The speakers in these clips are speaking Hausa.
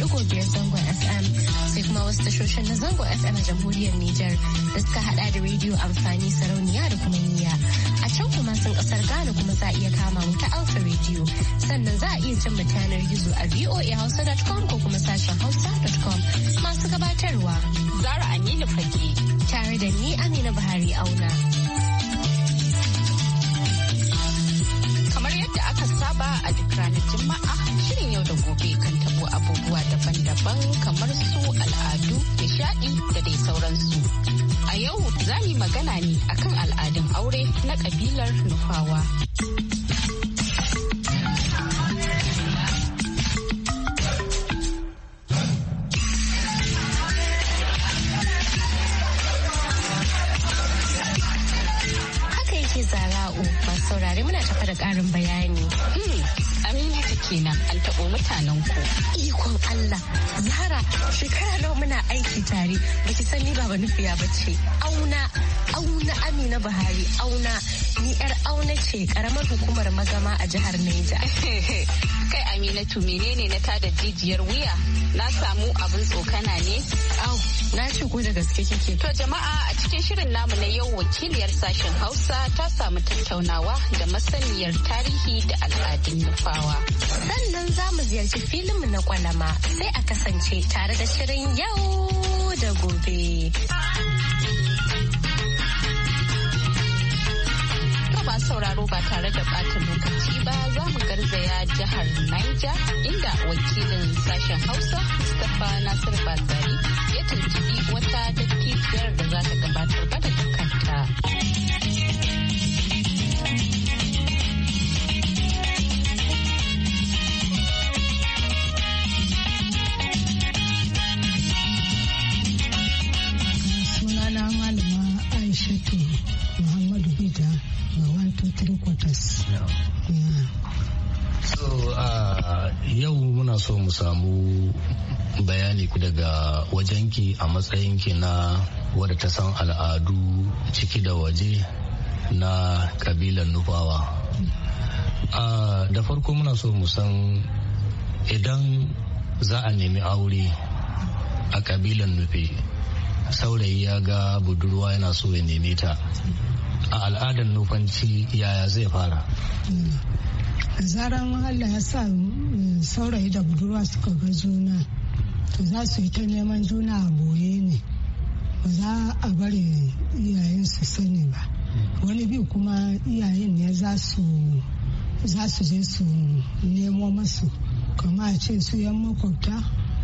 biyar zangon FM sai kuma wasu tashoshin na zangon FM a jamhuriyar Nijar da suka hada da rediyo amfani sarauniya da kuma niyya. A can kuma sun kasar Ghana kuma za a iya kama mu ta Alpha Radio sannan za a iya jin mu yanar gizo a voahausa.com ko kuma sashen hausa.com masu gabatarwa. Zara Aminu Fage. Tare da ni Amina Buhari Auna. kamar yadda aka saba a duk ranar Juma'a da gobe kan tabo abubuwa daban-daban kamar su al'adu, nishaɗi da dai sauransu. A yau za mu yi magana ne akan al'adun aure na kabilar Nufawa. Haka yake zara'u masu saurare muna tafa da ƙarin bayani. Hmm, Aminu kenan an taɓo mutanen ku. Ikon Allah Zara shekara nawa muna aiki tare ki san ni baba nufiya ba ce auna auna Amina Buhari auna ni yar auna ce karamar hukumar magama a jihar Neja. Kai Aminatu menene na da jijiyar wuya na samu abin tsokana ne? Au, na ci ko da gaske kike. To jama'a a cikin shirin namu na yau wakiliyar sashen Hausa ta samu tattaunawa da masaniyar tarihi da al'adun nufawa. Sannan za mu ziyarci filinmu na kwalama sai a kasance tare da shirin yau da gobe. ba sauraro ba tare da ɓata lokaci ba za mu garzaya jihar Niger inda wakilin sashen Hausa Mustapha Nasir Bazari ya tuntubi wata dattijiyar da za ta gabatar ba da kanta. yau muna so mu samu bayani daga wajenki a matsayinki na wadda ta san al'adu ciki da waje na kabilan nufawa da farko muna so mu san idan za a nemi aure a kabilan nufi saurayi ya ga budurwa yana so ya neme ta a al'adar nufanci yaya zai fara zaran Allah ya sa eh, saurayi da budurwa suka ga juna to za su yi ta neman juna a boye ne ba za a bari iyayen su sani ba wani bi kuma iyayen ne za su je su nemo masu kama a ce su yan makwabta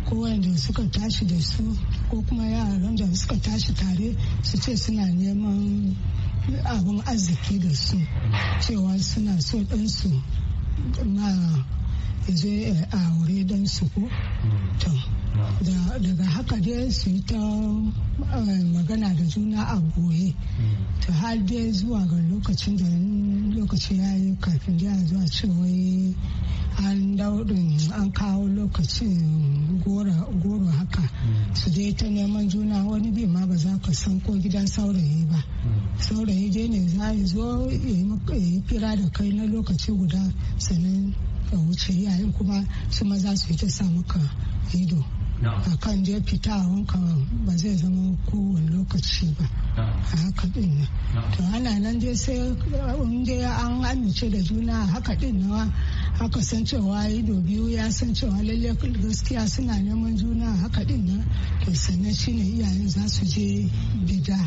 ko wanda suka tashi da su ko kuma yaran da suka tashi tare su ce suna neman abin arziki da su cewa suna so ɗansu 那。je a aure don su ko to daga haka dai su yi ta eh, magana da juna a goye ta har dai zuwa ga lokacin da lokaci ya yi kafin da zuwa cewa an daudin an kawo lokacin goro haka su dai ta neman juna wani bi ma ba za ka san ko gidan saurayi ba saurayi dai ne za a zo ya yi kira da kai na lokaci guda sannan wuce yayin kuma su maza su ta sa maka ido a kan je fita a wanka ba zai zama kowane lokaci ba a haka din nan to ana nan dai sai dai an amince da juna a haka din wa haka san cewa ido biyu ya san cewa lalle gaskiya suna neman juna a haka din nan to sannan ne iyayen za su je gida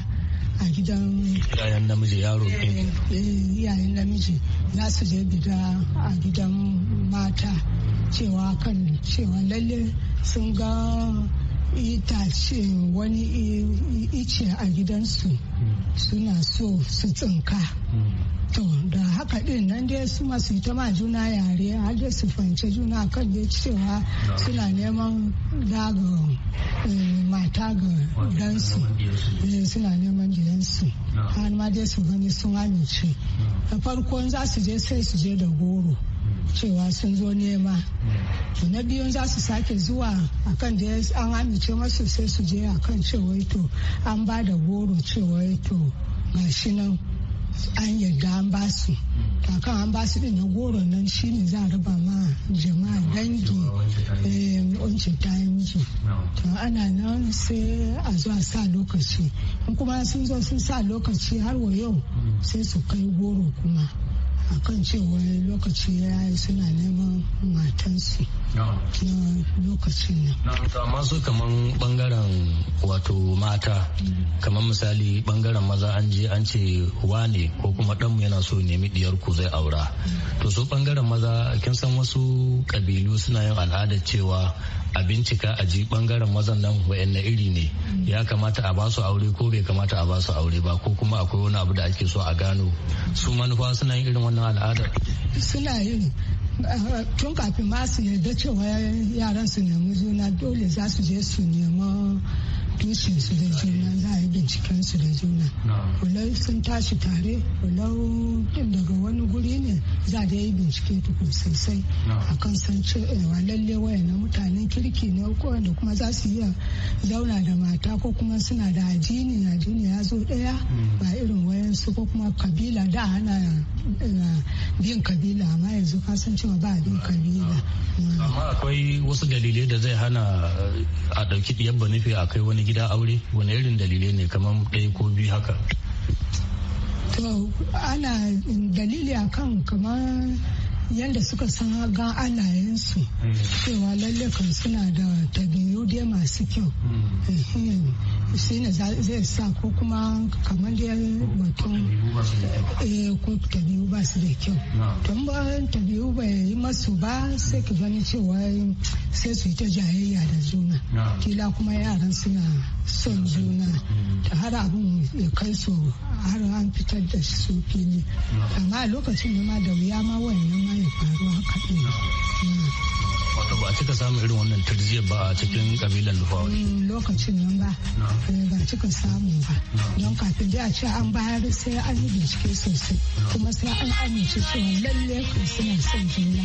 a gidan iyayen namiji yaro eh, iyayen namiji za su je gida a gidan mata cewa kan cewa lalle sun ga itace wani ice a gidansu suna so su tsinka to da haka din nan dai su masu ta ma juna yare har da su fahimci juna kan da cewa suna neman daga eh, mata ga dansu eh, suna neman gidansu har ma dai su gani sun amince da farko za su je sai su je da goro cewa sun zo nema to na biyun za su sake zuwa akan da an amince masu sai su je akan cewa to an ba da goro cewa to shi nan an yarda an ba su kakan an ba su din na goro nan shine za a raba ma jama'a dangi eh, wancan ta yi to ana nan sai a zuwa sa lokaci in kuma sun zo sun sa lokaci har wa yau sai su kai goro kuma akan cewa lokaci ya yi suna neman matansu na amma su kaman bangaren wato mata kaman misali bangaren maza an je an ce wane ko kuma ɗanmu yana so nemi diyar ku zai aura to su bangaren maza kin san wasu kabilu suna yin al'adar cewa a bincika a ji bangaren mazan nan wayanne iri ne ya kamata a basu aure ko bai kamata a basu aure ba ko kuma akwai wani abu da ake so a gano su manufa suna yin irin wannan al'adar suna yin tun kafin ma su yarda cewa yaran su nemi juna dole za su je su nema tushen su da juna za a yi binciken su da juna walau sun tashi tare walau daga wani guri ne za a yi bincike tukun sosai a kan san cewa eh, lalle waya na mutanen kirki ne wanda kuma za su iya zauna da mata ko kuma suna da ajini juna ya zo daya hmm. ba irin wayan su ko kuma kabila da ana eh, bin kabila amma yanzu ka san cewa ba bin kabila hmm. amma akwai wasu dalilai da zai hana eh, a ɗauki ɗiyan ba nufi a kai wani gida aure wani irin dalilai ne kamar ɗaya ko biyu haka to ana dalili akan kamar yadda suka san ga alayensu hmm. cewa lalle suna da tabiyu dai masu kyau hmm. shi ne zai sa ko kuma kamar da batun eh, ko tabi'u ba su da kyau to ba tabi'u ba yi masu ba sai ka gani cewa sai su yi ta jayayya da juna kila kuma yaran suna son juna ta har abin ya kai su har an fitar da su fili amma lokacin da ma da wuya ma wannan ma ya faru haka ɗin wato ba a cika samun irin wannan tarjiyar ba a cikin kabilan nufawa hmm, lokacin nan ba eh, ba cika samu ba don kafin da a ce an bayar sai an yi bincike sosai kuma sai an amince cewa lalle suna son juna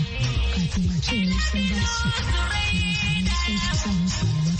kafin a ce sun ba su sun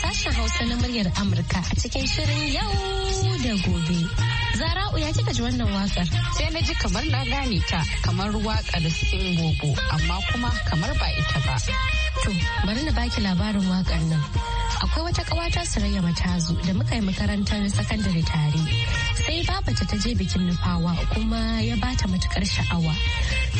sashen Hausa na muryar Amurka a cikin shirin yau da gobe. Zara'u ya kika ji wannan wakar? Sai na ji kamar na gane ta kamar wakar sin gogo amma kuma kamar ba ita ba. To, bari na baki labarin wakar nan. Akwai wata ƙawata Sarayya Matazu da muka yi makarantar sakandare tare. sai babata ta je bikin nufawa kuma ya bata matukar sha'awa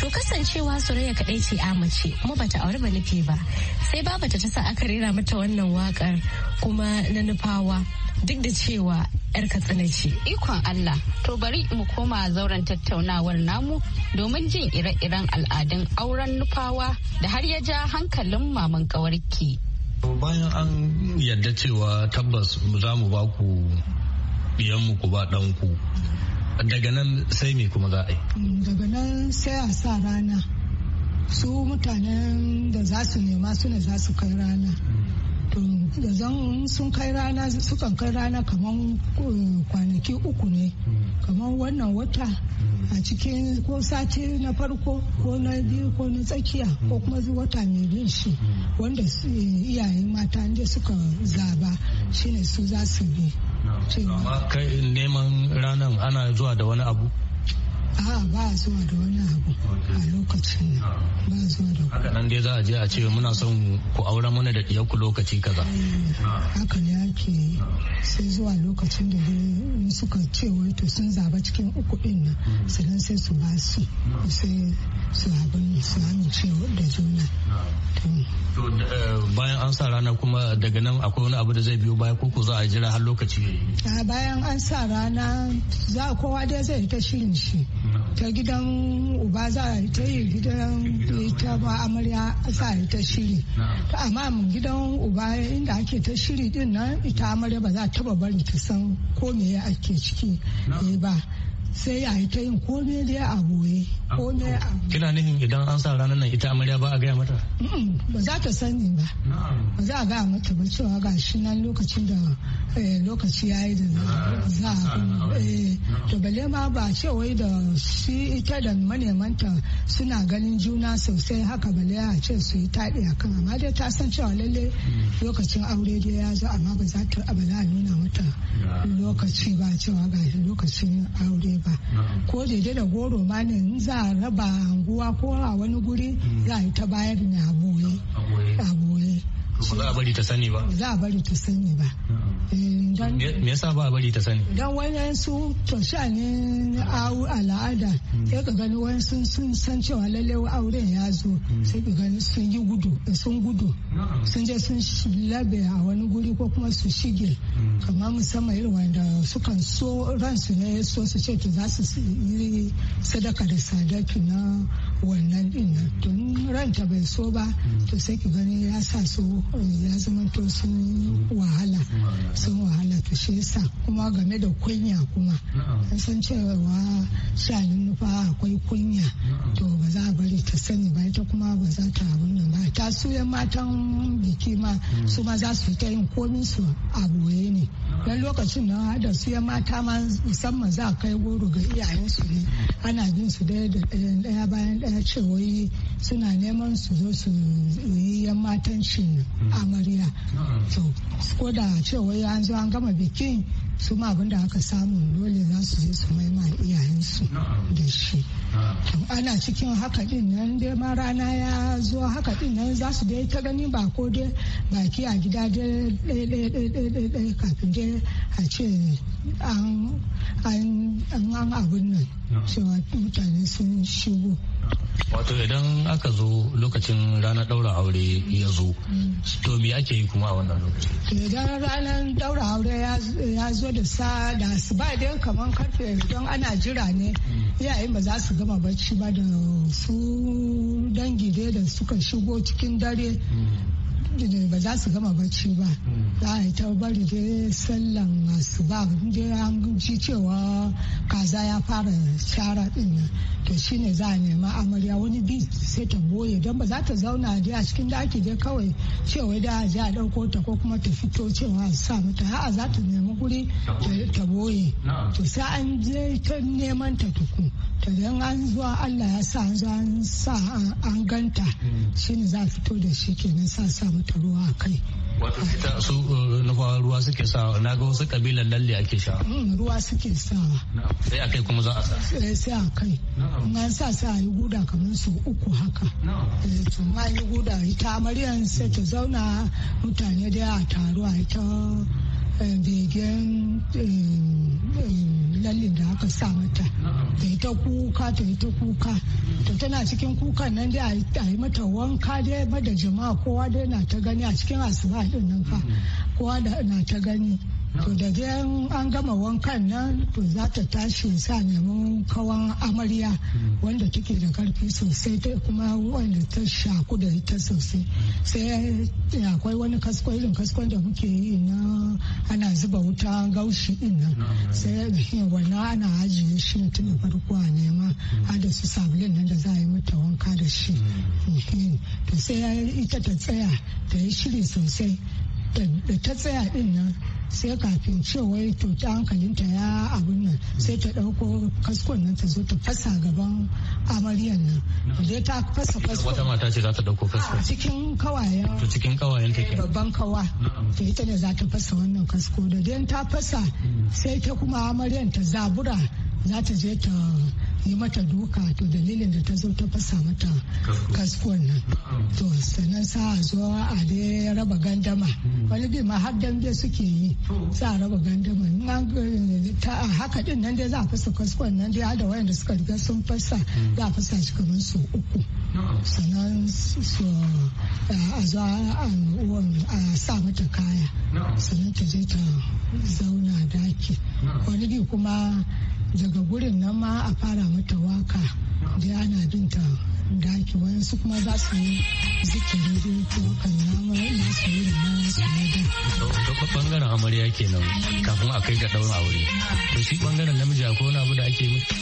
to kasancewa suraya kaɗai ce amace mace kuma bata auri ba nufi ba sai babata ta sa aka rera mata wannan wakar kuma na nufawa duk da cewa yar katsina ce. Ikon Allah, to bari mu koma zauren tattaunawar namu domin jin ire-iren al'adun auren nufawa da har ya ja hankalin maman kawarki. Bayan an yadda cewa tabbas za mu ba ku biyanmu ku ba ɗanku daga nan sai me kuma za yi daga nan sai a sa rana su mutanen da za su nema su ne za su kai rana to da zan sun kai rana sukan kai rana kamar eh, kwanaki uku ne kamar wannan wata a cikin ko sati na farko ko na biyu ko na tsakiya ko kuma wata mai bin shi wanda eh, iyayen mata inda suka zaba shine su za su bi kai neman ranar ana zuwa da wani abu A'a ba zuwa da wani abu a lokacin ah. ba zuwa da Haka nan dai za a je a ce muna son ku aure mana da ɗiyarku lokaci kaza. Ah. Haka ne ake ah. sai zuwa lokacin da dai suka ce wai to sun zaba cikin uku ɗin nan hmm. su dan sai su ba su hmm. sai su abin su amince da juna. To eh, bayan an sa rana kuma daga nan akwai wani abu da zai biyo baya ko za a jira har lokaci. Bayan an sa rana za kowa dai zai ta shirin shi. Hmm. ta gidan uba za a ta yi gidan ta ba amarya za a ta shiri amma gidan uba inda ake ta shiri din nan ita amarya ba za ta bari ta san ko me ake ciki eh, ba sai a yi ta yin komai dai a boye kina nufin idan an sa ranar nan ita amarya ba a gaya mata ba za ta sani ba ba za a gaya mata ba cewa ga shi nan lokacin da eh, lokaci ya yi da za a ah, eh, to bale ma ba ce wai da shi ita da manemanta suna ganin juna sosai haka bale a ce su yi taɗi a kan amma dai ta san cewa lalle mm. lokacin aure dai ya zo amma ba za ta a nuna mata lokaci ba cewa ga lokacin aure ba ko daidai da goro ma ne za raba anguwa ko a wani guri hmm. za a yi ta bayar ne a boye za a bari ta sani ba za a bari ta sani ba me yasa ba a bari ta sani don wayan su to awu al'ada hmm. sai ka gani wayan sun sun san cewa lalle auren ya zo hmm. sai ka gani sun yi gudu sun gudu sun je sun labe a wani guri ko kuma su shige hmm. kamar musamman irin wanda sukan so ransu ne so su ce to za su yi sadaka da sadaki na wannan din nan ranta bai so ba to sai ki gani ya sa su ya zama to sun wahala sun wahala to shi yasa kuma game da kunya kuma an san cewa shanin nufa akwai kunya to ba za a bari ta sani ba ita kuma ba za ta abin nan ba ta su matan biki ma su ma za su ta yin komin su a boye ne don lokacin na da su ya mata ma musamman za a kai goro ga iyayensu ne ana bin su daya da daya bayan daya wai suna neman su zo su yi yan matancin amarya to ko da cewa an zo an gama bikin su ma abin da aka samu dole za su je su maima iyayensu da shi ana cikin haka din nan dai ma rana ya zo haka din nan za su dai ta gani ba ko dai baki a gida dai kafin dai a ce an abin nan cewa mutane sun shigo wato idan aka zo lokacin ranar daura aure ya zo to me ake yi kuma a wannan lokaci idan ranar daura aure ya zo da sa da su ba da kamar karfe don ana jira ne hmm. yayin ba za su gama bacci ba da su dangi da suka shigo cikin dare hmm. ba za su gama bacci ba hmm. za a yi ta bari da sallan masu ba da an ji cewa kaza ya fara shara din nan to ne za a nema amarya wani bi sai ta boye don ba za ta zauna da a cikin daki dai kawai cewa da a ji a ɗauko ta ko kuma ta fito cewa a sa mata a za ta nemi guri ta boye to sai an je ta neman ta tuku to don an zuwa Allah ya sa an sa an ganta hmm. ne za a fito da shi kenan sa sa mata ruwa a kai wato fita su eh, nufawa ruwa suke sawa na ga wasu kabilan lalle ake sha hmm, ruwa suke sawa sai a kai kuma za a sa eh, sai a kai an sa sa yi guda kamar su uku haka eh, to ma yi guda ita amaryan sai ta zauna mutane da ya taruwa ita begen eh, eh, lallin da aka sa mata ta yi ta kuka ta yi ta kuka to tana cikin kukan nan dai a yi mata wanka dai da jama'a kowa dai na ta gani a cikin asuba din nan fa mm-hmm. uwa da na ta gani to da an gama wankan nan to za ta tashi sa neman kawan amarya wanda take da karfi sosai ta kuma wanda ta shaku da ita sosai sai akwai wani kasko irin kaskon da muke yi na ana zuba wuta gaushi din nan sai wannan ana ajiye shi tun da farko a nema da su sabulin nan da za a yi mata wanka da shi to sai ita ta tsaya ta yi shiri sosai da ta tsaya din nan sai kafin cewa to ta hankalinta ya abun nan sai ta ɗauko kaskon nan ta zo ta fasa gaban amaryan nan da ta fasa kaskon wata mata ce za ta ɗauko kaskon a cikin kawayen to cikin kawayen take babban kawa to ita ne za ta fasa wannan kasko da dan ta fasa sai ta kuma amaryan ta zabura za ta je ta yi mata duka to dalilin da ta zo ta fasa mata kaskon nan to sannan sa a zo a da raba gandama wani bi ma har dambe suke yi sa a raba gandama ta haka din nan dai za a fasa kaskon nan dai da wayanda suka riga sun fasa hmm. za a fasa shi kamar su uku sannan su a zo a sa mata kaya sannan ta je ta zauna daki wani bi kuma daga gurin nan ma a fara mata waka da ana binta daki wayansu kuma za su yi zikirin zinto kan nama na su yi da nama su yi da bangaren amarya kenan kafin a kai ga daurin aure to shi bangaren namiji akwai na abu da ake mutu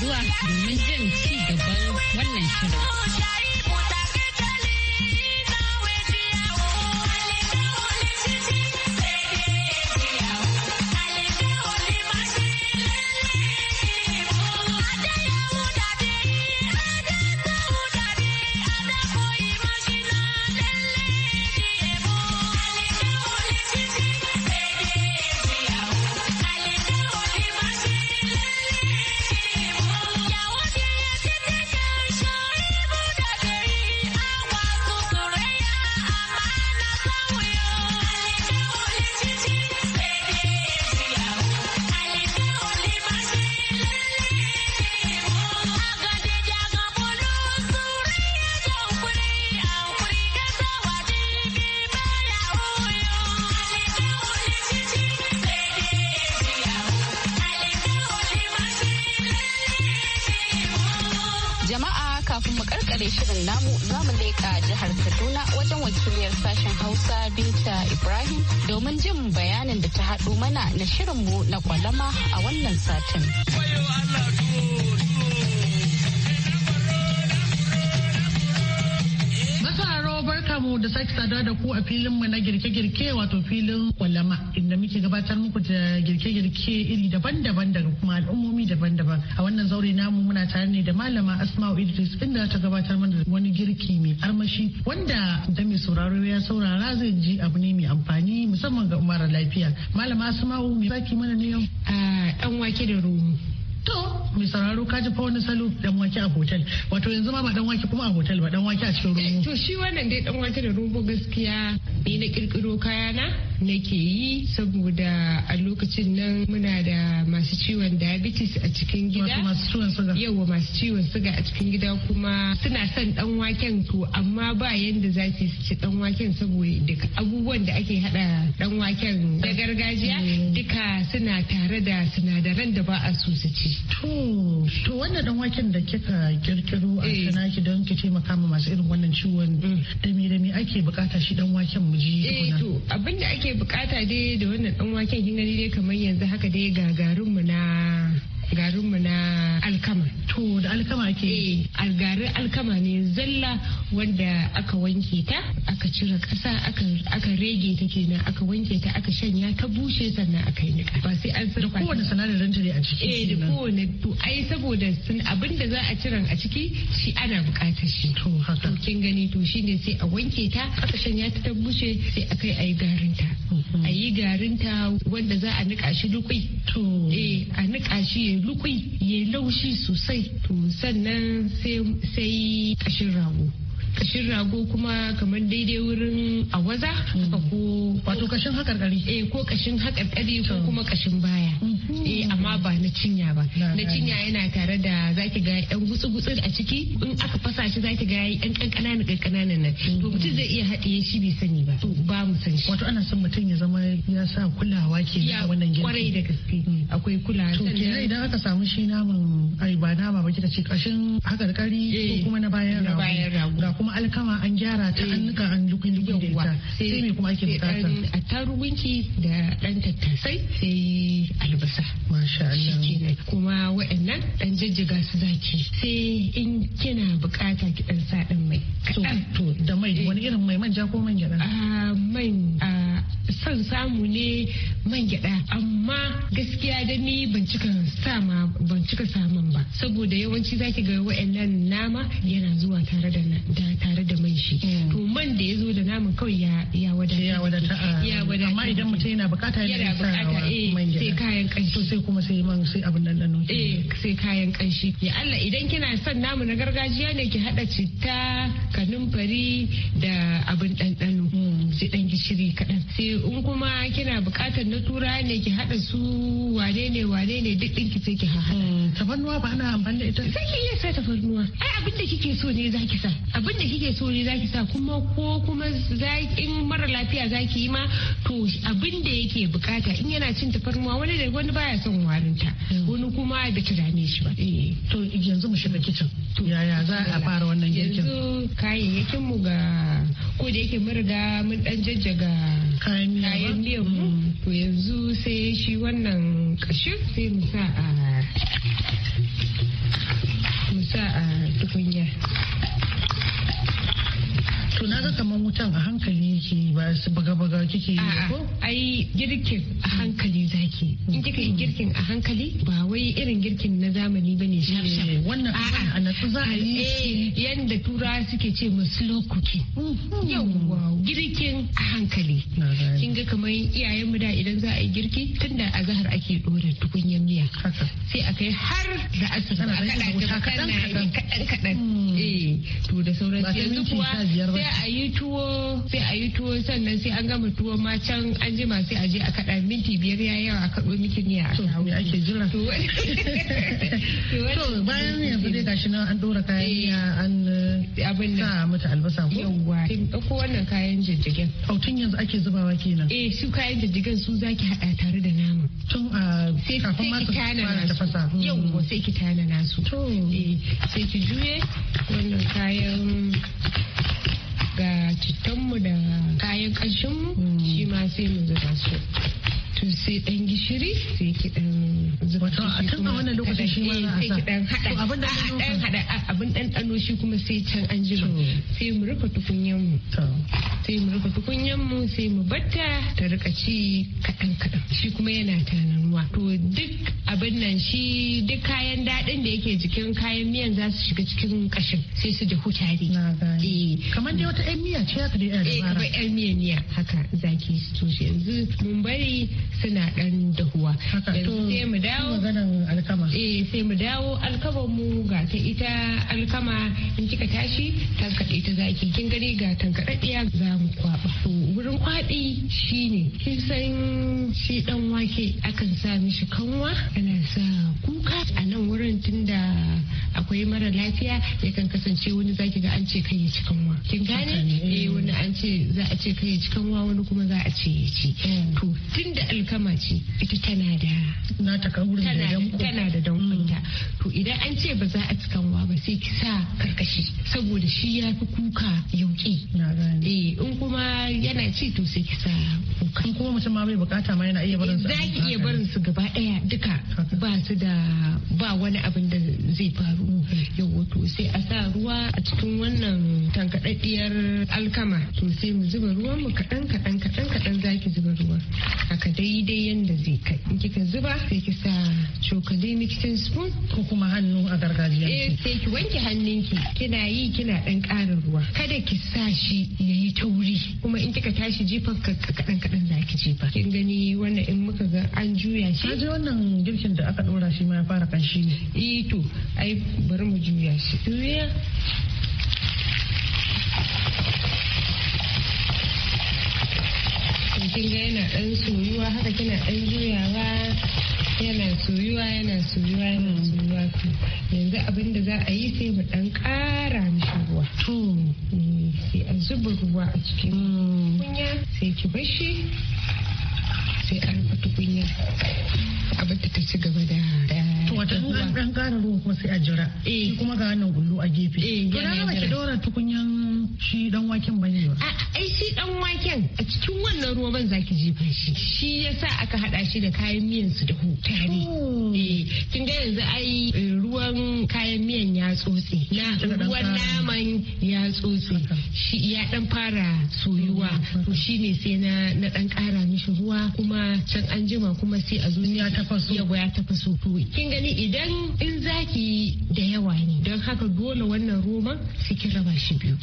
zuwa domin jin ci gaban wannan shirin. kafin mu karkare shirin namu za mu leƙa jihar Kaduna wajen wakiliyar sashen Hausa Binta Ibrahim domin jin bayanin da ta haɗu mana na shirin mu na kwalama a wannan satin. mu da sake sada da ku a filin mu na girke-girke wato filin kwalama inda muke gabatar muku da girke-girke iri daban-daban daga kuma al'ummomi daban-daban. A wannan zaure namu muna tare ne da malama Asma'u Idris inda ta gabatar mana wani girki mai armashi wanda da mai sauraro ya saurara zai ji abu ne mai amfani musamman ga mara lafiya. Malama Asma'u mai zaki mana ne yau? a ah, wake da romo. To, mai sauraro ka ji wani salo dan wake a hotel. Wato yanzu ma ba dan wake kuma a hotel ba dan wake a cikin rumbu. Eh, to shi wannan dai dan wake da rumbu gaskiya ni na kirkiro kayana nake yi saboda a lokacin nan muna da masu ciwon diabetes a cikin gida. masu ciwon suga. Yawwa masu ciwon suga a cikin gida kuma suna son dan waken to amma ba yanda za su ci dan waken saboda abubuwan da ake hada dan waken da gargajiya mm. duka suna tare da sinadaran da ba a so su ci. To, wannan dan waken da kika kirkiro a eh. ki don ki taimaka ma masu irin wannan ciwon mm. dami dami ake bukata shi dan waken mu ji Eh to, abin da ake bukata dai da wannan dan waken kin gani dai kamar yanzu haka dai gagarin mu na garinmu na alkama. To da alkama ke? Eh, garin alkama ne zalla wanda aka wanke ta, aka cire ƙasa, aka rege ta kenan, aka wanke ta, aka shanya ta bushe sannan aka yi niƙa. Ba sai an sarrafa. Da kowane sanadarin ta ne a ciki. Eh, da kowane to ai saboda sun abin da za a ciran a ciki shi ana buƙatar shi. To haka. kin gani to shine sai a wanke ta, aka shanya ta ta bushe sai a kai a yi garin ta. Mm-hmm. A yi garin ta wanda za a niƙa shi dukwai. To. Eh, a niƙa shi lukui ya laushi sosai to sannan sai kashin rago kashin rago kuma kamar daidai wurin awaza waza ko wato kashin hakarkari eh ko kashin hakarkari ko kuma kashin baya eh amma ba na cinya ba na cinya yana tare da zaki ga yan gutsu gutsu a ciki in aka fasa shi zaki ga yan kankana kankana nan to mutum zai iya haɗiye shi bai sani ba to ba mu san shi wato ana son mutum ya zama ya sa kulawa ke a wannan gidan kwarai da gaske mm. akwai kulawa to kenan idan aka samu shi naman ai ba nama ba kika ce kashin hakarkari eh. ko kuma na bayan rago kuma alkama an gyara ta an nuka an lukun lukun da ita sai me kuma ake bukata a tarugunki da dan tattasai sai albasa masha Allah kuma waɗannan dan jijjiga su zaki sai in kina bukata ki dan sa dan mai to da mai eh. wani irin mai manja ko man gyada ah, mai ah, son samu ne man gyada amma gaskiya da ni ban cika ban cika saman ba saboda yawanci zaki ga wa'annan nama yana zuwa tare da tare da man shi mm. to man da ya zo da naman kawai ya ya wadata ya wadata ya wadata amma idan mutum yana bukata yana bukata eh sai kayan kanshi sai kuma sai man sai abin nan nan eh sai kayan kanshi ya Allah idan kina son namu na gargajiya ne ki hada citta kanumfari da abin dandano. Mm. sai dan gishiri kaɗan sai in kuma kina bukatar na tura ne ki hada su wane ne wane ne duk ɗin ki sai ki hada hmm, tafarnuwa ba ana amfani da ita sai ki iya sa tafarnuwa ai abinda kike so ne zaki sa Abinda kike so ne zaki sa kuma ko kuma in mara lafiya zaki yi ma to abinda yake bukata in yana cin tafarnuwa wani da wani baya son warinta hmm. wani kuma da ta dame shi ba eh, to yanzu mu shiga kicin yaya za a fara wannan girkin yanzu kayayyakin mu ga ko da yake mun riga mun dan jajjaga kayan miya to yanzu sai shi wannan kashin sai musa a mu sa a tukunya suna ga kamar wutan a hankali ke ba su baga-baga kike yi ko ai girkin a hankali zaki in kika yi girkin a hankali ba wai irin girkin na zamani bane shi wannan a natsu za a yi eh, yanda tura suke ce mu slow cooking yawwa girkin a hankali kin ga kamar iyayen mu da idan za a yi girki tunda a zahar ake dora tukunyar miya sai a kai har da asibiti a kada kadan kadan eh to da sauran yanzu kuwa sai a yi tuwo sai a yi tuwo sannan sai an gama tuwo ma can an jima sai a je a kaɗa minti biyar ya yawa a kaɗo miki miya a kawo. ake jira. To bayan yanzu dai gashi nan an ɗora kayan miya eh, an eh, abin sa mata albasa ko. Yawwa kin ɗauko wannan kayan jijjigen. Hautun yanzu ake zubawa kenan. Eh su kayan jijjigen su zaki haɗa tare da nama. Tun a ah, kafin ma su fara tafasa. Mm. Yawwa sai ki tana nasu. To. Eh, sai ki juye wannan kayan ga cittanmu da kayan ƙashinmu mm. shi ma sai mu zuba su to sai dan gishiri sai ki dan zuba a tun a wannan lokacin shi ma za a eh, sa dan abin da dan abin dan dano shi kuma sai can an jima sai mu rufe tukunyan mu sai mu rufe tukunyan mu sai mu batta ta rika ci kadan kadan shi kuma yana tananuwa to duk abin nan shi duk kayan daɗin da yake jikin kayan miyan za su shiga cikin kashin sai su dahu tare. Eh. Kamar dai wata ƴan miya ce haka dai ƴan miya. Eh, kamar ƴan miya miya haka zaki su toshe yanzu mun bari suna ɗan dahuwa. Haka to sai mu dawo. Maganan alkama. Eh sai mu dawo alkama mu ga ta ita alkama in kika tashi tankaɗe ta zaki kin gani ga tankaɗaɗɗiya za mu kwaɓa. Wurin kwaɗi shi ne. kin san shi ɗan wake akan sa mishi kanwa ana sa kuka a nan wurin tunda akwai mara lafiya yakan kasance wani zaki ga an ce kai ya cikan wa kin gane eh wani an ce za a ce kai ya cikan wa wani kuma za a ce ya ci mm. to tunda alkama ce ita tana da na ta kaurin da danko tana da ta. Mm. to idan an ce ba za a cikan wa ba sai ki sa karkashi saboda shi ya fi kuka yauki eh in kuma yana ci to sai ki sa in kuma mutum ma bai bukata ma yana iya barin su za ki iya barin su gaba daya duka ba su da ba wani abin da zai faru yau wato sai a sa ruwa a cikin wannan tankaɗaɗɗiyar alkama to sai mu zuba ruwan mu kaɗan kaɗan kaɗan kaɗan za ki zuba ruwan haka daidai yanda zai kai in kika zuba sai ki sa cokali mixing spoon ko kuma hannu a gargajiya eh sai ki wanke hannun ki. kina yi kina ɗan ƙarin ruwa kada ki sa shi yayi tauri kuma in kika tashi jifan kaɗan kaɗan za ki ci ba kin gani wannan in muka ga an juya shi aje wannan girkin da aka dora shi ma ya fara kanshi ne eh to ai bari mu juya shi juya kin ga yana dan soyuwa haka kina dan juyawa yana soyuwa yana soyuwa yana hmm. soyuwa to yanzu abin da za a yi sai mu dan kara mishi ruwa to hmm. zuba ruwa a cikin sai ki bashi sai a rufe tukunya a bata ta ci gaba da to dan kara ruwa kuma sai a jira eh kuma ga wannan gullu a gefe eh to na ki dora tukunyan shi dan waken bane ba ai shi dan waken a cikin wannan ban zaki jefa shi shi yasa aka hada shi da kayan miyan su da tare hmm. eh, kin ga yanzu ai eh, ruwan kayan miyan ya tsotse na ruwan naman ya tsotse shi ya dan fara soyuwa hmm, to shine sai na na dan kara mishi ruwa kuma can an jima kuma sai a zo ya tafaso ya tafaso to kin gani idan in zaki da yawa ne don haka dole wannan roman sai kin raba shi biyu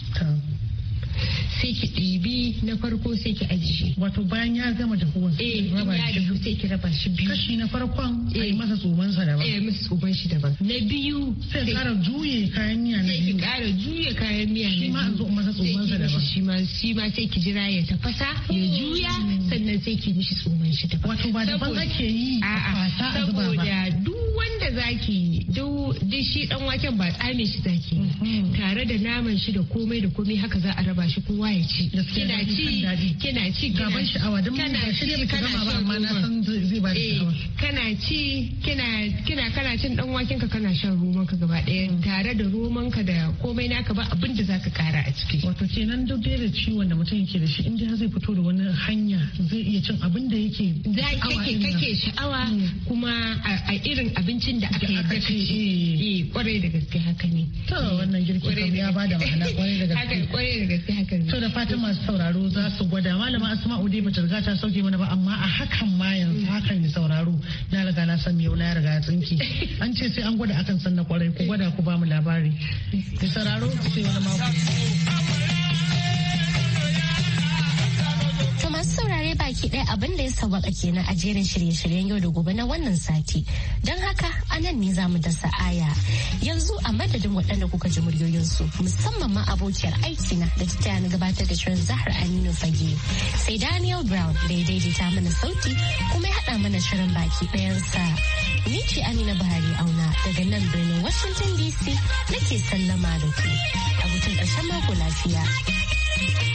sai ki ɗibi na farko sai ki ajiye. Wato bayan ya gama da huwan eh, sai raba sai ki raba shi biyu. Kashi na farkon a yi eh. masa tsoban sa daban. Eh masa tsoban shi daban. Na biyu sai ki ƙara juye kayan miya na biyu. Sai ki ƙara juye kayan miya na biyu. Shi ma an zo masa tsoban sa daban. Shi ma shi ma sai ki jira ya tafasa ya oh. juya sannan sai ki mishi tsoban shi daban. Wato ba daban ake yi a fasa a zuba ba. Saboda duk wanda zaki yi duk shi dan waken ba tsame shi zaki mm-hmm. tare da naman shi da komai da komai haka za a raba shi kowa ya ci kina ci kina ci gaban sha'awa dan kana ci kana ba amma na san zai ba eh, sha'awa kana ci kina kina kana cin dan waken ka kana shan roman ka gaba daya mm-hmm. tare da roman ka da komai naka ba abin da zaka kara a ciki wato kenan duk da ciwon da mutum yake da shi in dai zai fito da wani hanya zai iya cin abin da yake kake sha'awa mm. kuma a irin abincin da aka yi kwarai da gaske haka ne. To wannan girki kam ya bada ma'ana kwarai da gaske. Haka kwarai da gaske haka ne. To da fatan masu sauraro za su gwada malama Asma'u dai bata riga ta sauke mana ba amma a hakan ma yanzu hakan ne sauraro na riga na san miyau na riga tsinki. An ce sai an gwada akan san na kwarai ku gwada ku ba mu labari. Ki sauraro sai wani mako. dai baki ɗaya abin da ya sawaka kenan a jerin shirye-shiryen yau da gobe na wannan sati. Don haka a nan ne za mu dasa aya. Yanzu a madadin waɗanda kuka ji muryoyinsu musamman ma abokiyar aiki na da ta taya gabatar da shirin zahar Aminu Fage. Sai Daniel Brown da ya daidaita mana sauti kuma ya haɗa mana shirin baki ɗayansa. Ni ce Amina Buhari Auna daga nan birnin Washington DC nake sallama da ku. Abokin ƙarshen mako lafiya.